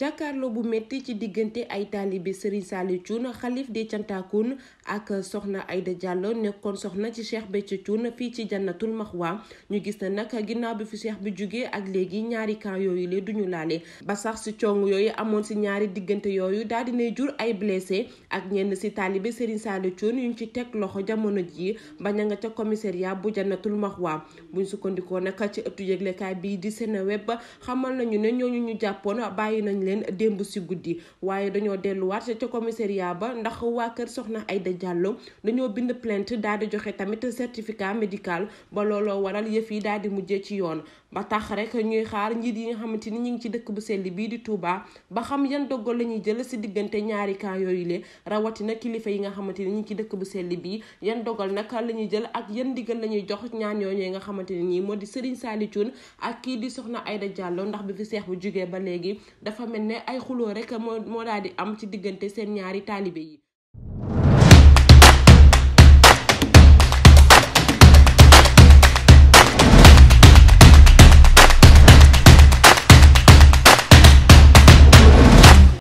jàkkaarloo bu métti ci diggante ay taalibe Serigne Saliou Thioune xalif de Thiantakoune ak soxna Aïda Diallo nekkoon soxna ci Cheikh Béthio Thioune fii ci Jannatul Maxwa ñu gis na nag ginnaaw bi fi Cheikh bi jugee ak léegi ñaari kan yooyu le duñu laale ba sax si cong yooyu amoon si ñaari diggante yooyu daal dinay jur ay blessé ak ñenn si taalibe Serigne Saliou Thioune yuñ ci teg loxo jamono jii baña nga ca commissariat bu Jannatul Maxwa buñ sukkandikoo nag ci ëttu yëglekaay bii di Seneweb xamal nañu ne ñooñu ñu jàppoon bàyyi nañ leen démb si guddi waaye dañoo delluwaat ca commissariat ba ndax waa kër soxna Aïda Diallo dañoo bind plainte daal di joxe tamit certificat médical ba looloo waral yëf yi daal di mujjee ci yoon ba tax rek ñuy xaar njiit yi nga xamante ni ñu ngi ci dëkk bu sell bii di Touba xam yan dogal la ñuy jël si diggante ñaari camp yooyu le rawatina kilifa yi nga xamante ni ñu ci dëkk bu sell bii yan dogal nag la ñuy jël ak yan ndigal la ñuy jox ñaan yooyu nga xamante ni moo di Serigne Saliou Thioune ak kii di soxna Aïda Diallo ndax bi fi seex bu jógee ba léegi dafa mel mel ne ay xuloo rek moo moo daal di am ci diggante seen ñaari taalibe yi